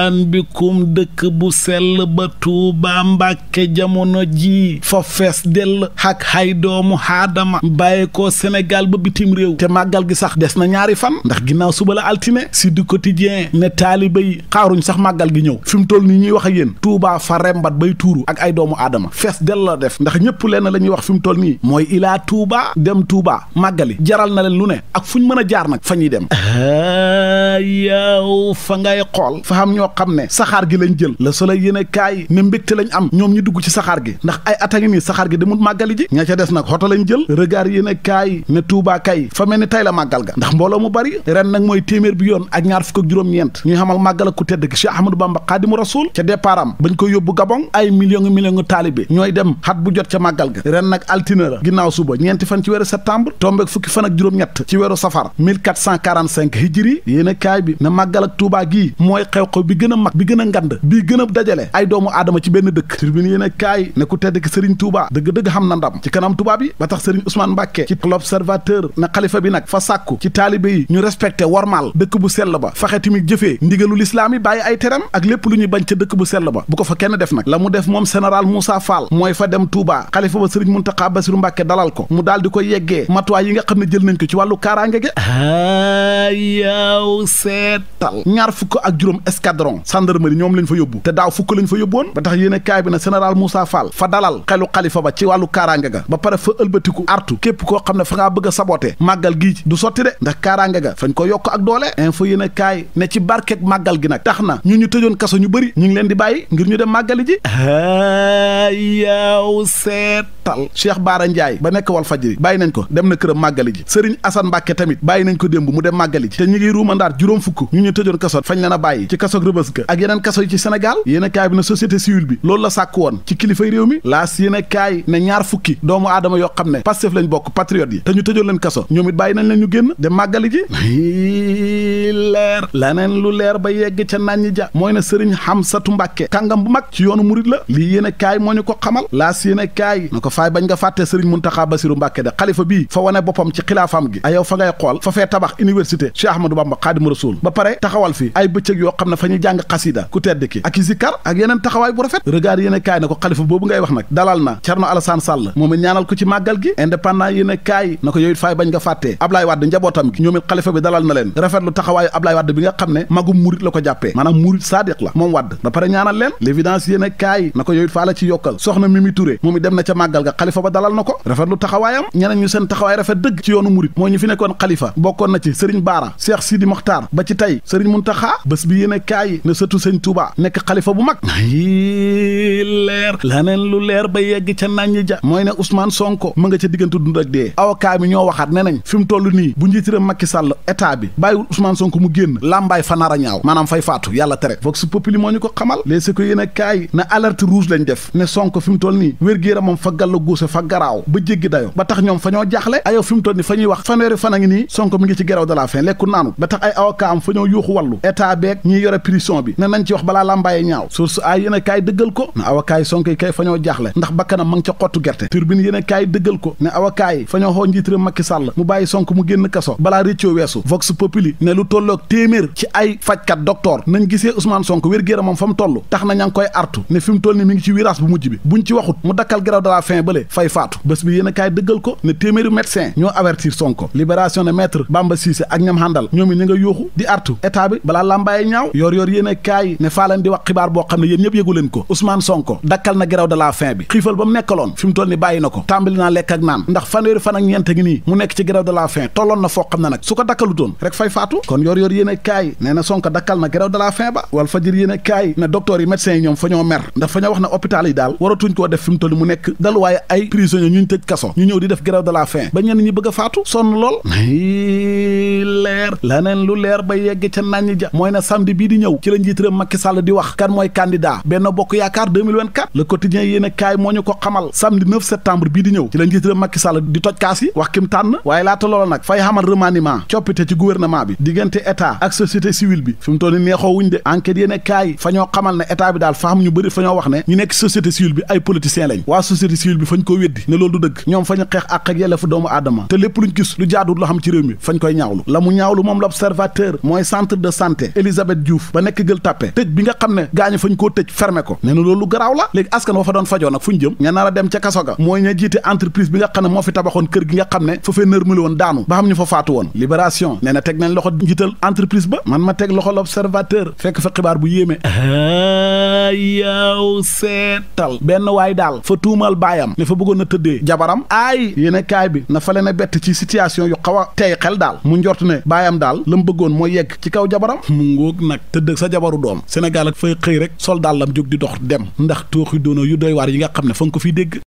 marhaban bikum dëkk bu sell ba tuubaa mbàkke jamono ji fa fees dell ak ay doomu haadama bàyyi ko sénégal ba bitim réew te màggal gi sax des na ñaari fan ndax ginnaaw suba la altine si du quotidien ne taaliba yi xaaruñ sax màggal gi ñëw fi mu toll nii ñuy wax ak yéen tuubaa fa rembat bay tuuru ak ay doomu aadama fees dell la def ndax ñëpp lenn la ñuy wax fi mu toll nii mooy ilaa tuubaa dem tuubaa màggali jaral na leen lu ne ak fu ñu mën a jaar nag fa ñuy dem ñoo xam ne saxaar gi lañ jël le soleil yéen kaay ne mbégte lañ am ñoom ñu dugg ci saxaar gi ndax ay at a ngi nii saxaar gi demul màggali ji ña ca des nag xoto lañ jël regard yéen kaay ne Touba kay fa mel ni tay la màggal ga ndax mbooloo mu bari ren nag mooy téeméer bi yoon ak ñaar fukk ak juróom-ñeent ñuy xamal màggal ak ku tedd gi Cheikh Ahmadou Bamba Xaadimu Rasuul ca départ bañ ko yóbbu Gabon ay millions millions taalibe ñooy dem xat bu jot ga ren nag altine la ginnaaw suba ñeenti fan ci weeru septembre tombeek fukki fan ak juróom-ñett ci weeru safar 1445 hijri yéen kaay bi na màggal ak gën a mag bi gën a ngand bi gën dajale ay doomu aadama ci benn dëkk tribune yéen a kaay ne ku tedd ki Serigne Touba dëgg-dëgg xam na ndam ci kanam tubaab yi ba tax Serigne Ousmane Mbacke ci l'observateur na xalifa bi nag fa sàkku ci taalibe yi ñu respecté warmaal dëkk bu sell ba faxe tamit jëfee ndigalu lislaam yi bàyyi ay teram ak lépp lu ñuy bañ ca dëkk bu sell ba bu ko fa kenn def nag la mu def moom général Moussa Fall mooy fa dem Touba xalifa ba Serigne Mountakha Bassirou ko mu daal di ko yeggee matuwaay yi nga xam ne jël nañ ko ci wàllu kaaraange ge yaaw seetal fukk ak juróom escadron Gabon gendarmerie ñoom lañ fa yóbbu te daaw fukk lañ fa yóbboon ba tax yéene kaay bi ne général Moussa Fall fa dalal xelu xalifa ba ci wàllu kaaraange ga ba pare fa ëlbatiku artu képp koo xam ne fa ngaa bëgg a sabote màggal gi du sotti de ndax kaaraange ga fañ ko yokk ak doole info yéene kaay ne ci barkeeg màggal gi nag tax na ñu ñu tëjoon kaso ñu bëri ñu ngi leen di bàyyi ngir ñu dem màggali ji yaw seetal Cheikh Baara Ndiaye ba nekk wal fajri bàyyi nañ ko dem na këram màggali ji Serigne Assane Mbacke tamit bàyyi nañ ko démb mu dem màggali ji fukk rëbës ga ak yeneen kaso yi ci Sénégal yéen kaay bi na société civile bi loolu la sàkk woon ci kilifay réew mi laas yéen kaay ne ñaar fukki doomu aadama yoo xam ne Pastef lañ bokk patriote yi te ñu tëjoon leen kaso ñoom it bàyyi nañ ñu génn dem màggali ji leer laneen lu leer ba yegg ca nañ ja mooy ne sëriñ Hamsatu Mbàkke kàngam bu mag ci yoonu murit la lii yéen kaay moo ñu ko xamal laas yéen kaay na ko faay bañ nga fàtte sëriñ Muntaxa Basiru Mbàkke de xalifa bii fa wane boppam ci xilaafaam gi a yow fa ngay fa fee tabax université Cheikh Ahmadou Bamba Xaadimu Rasuul ba pare taxawal jàng nga xam ne magum murit la ko jàppee maanaam murit sadiq la moom Wade ba ñaanal leen l'évidence yéen kaay na ko yow it faa ci yokkal soxna Mimi moom it dem na ca màggal ga xalifa ba dalal na ko rafetlu taxawaayam ñeneen ñu seen taxawaay rafet dëgg ci yoonu murit moo ñu fi nekkoon xalifa bokkoon na ci Serigne Bara Cheikh Sidi Mokhtar ba ci tey Serigne Mountakha bés bi yéen kaay bi ne sëtu sëñ Touba nekk xalifa bu mag nay leer laneen lu leer ba yegg ca nañ ja mooy ne Ousmane Sonko mu nga ca diggante dund ak dee avocat bi ñoo waxaat ne nañ fi mu toll nii bu njiitiram Macky Sall état bi bàyyiwul Ousmane Sonko mu génn làmbaay fanaara ñaaw maanaam fay faatu yàlla tere vox populi moo ñu ko xamal les si ko yéen a kaay na alerte rouge lañ def ne Sonko fi mu toll nii wér-gu-yaramam fa gàlla guuse fa garaaw ba jéggi dayo ba tax ñoom fa ñoo jaaxle ayow fi mu wax fanweeri a ngi nii Sonko mi ngi ci geraw de la fin lekku constitution bi ne nañ ci wax balaa làmbaayee ñaaw source ay yéen a kaay dëggal ko ne avocat yi sonko yi kay fa ñoo ndax bakkanam ma ca xottu gerte turbine yéen a dëggal ko ne avocat yi fa ñoo xoo njiit mu bàyyi sonko mu génn kaso balaa réccoo weesu vox populi ne lu tolloog téeméer ci ay fajkat docteur nañ gisee Ousmane Sonko wér-géeramam fa mu tax na koy artu ne fi toll ni mi ngi ci virage bu mujj bi buñ ci waxut mu dakkal grève de la faim a yéen a ne faa leen di wax xibaar boo xam ne yéen ñëpp yëgu leen ko Ousmane Sonko dakkal na grève de la bi xiifal ba mu nekkaloon fi tolloon na foo xam ne nag su ko dakkalutoon rek fay faatu kon yor yor yéen a kaay nee na Sonko dakkal na grève de la ba wal fajir yéen kaay ne docteur yi médecins yi ñoom fa ñoo mer ndax fa ñoo wax ne hôpital yi daal waratuñ koo def fi mu mu nekk daluwaaye ay prisonniers ñu tëj kaso ñu ñëw di def grève de la ci la njiit réew Macky Sall di wax kan mooy candidat Benno Bokk Yaakaar 2024 le quotidien yéen a kaay moo ñu ko xamal samedi 9 septembre bii di ñëw ci la njiit réew Macky Sall di toj kaas yi wax kim tànn waaye laata loolu nag fay xamal remaniement coppite ci gouvernement bi diggante état ak société civile bi fi mu toll nii neexoo wuñ de enquête yéen a kaay fa ñoo xamal ne état bi daal fa xam ñu bëri fa ñoo wax ne ñu nekk société civile bi ay politiciens lañ waa société civile bi fañ lépp luñ gis lu loo xam ci réew mi fañ koy ñaawlu la mu ñaawlu nekk gël tàppe tëj bi nga xam ne gaañu fañ koo tëj fermé ko nee na loolu garaaw la léegi askan wa fa doon fajoo nag fu ñu jëm ña nar a dem ca kaso ga mooy ña jiite entreprise bi nga xam ne moo fi tabaxoon kër gi nga xam ne fa fee nërmali woon daanu ba xam ñu fa faatu woon libération nee na teg nañ loxo njiital entreprise ba man ma teg loxo l'observateur fekk fa xibaar bu yéeme yaaw seetal benn waay daal fa tuumaal baayam ne fa bëggoon a tëddee jabaram aay yéene bi na fa leen a bett ci situation yu xaw a tey xel daal mu njort ne baayam daal la mu bëggoon mooy yegg ci kaw jabaram sa jabaru doom Sénégal ak fay xëy rek sol dàllam jóg di dox dem ndax tooxi doona yu doy waar yi nga xam ne foo nga ko fiy dégg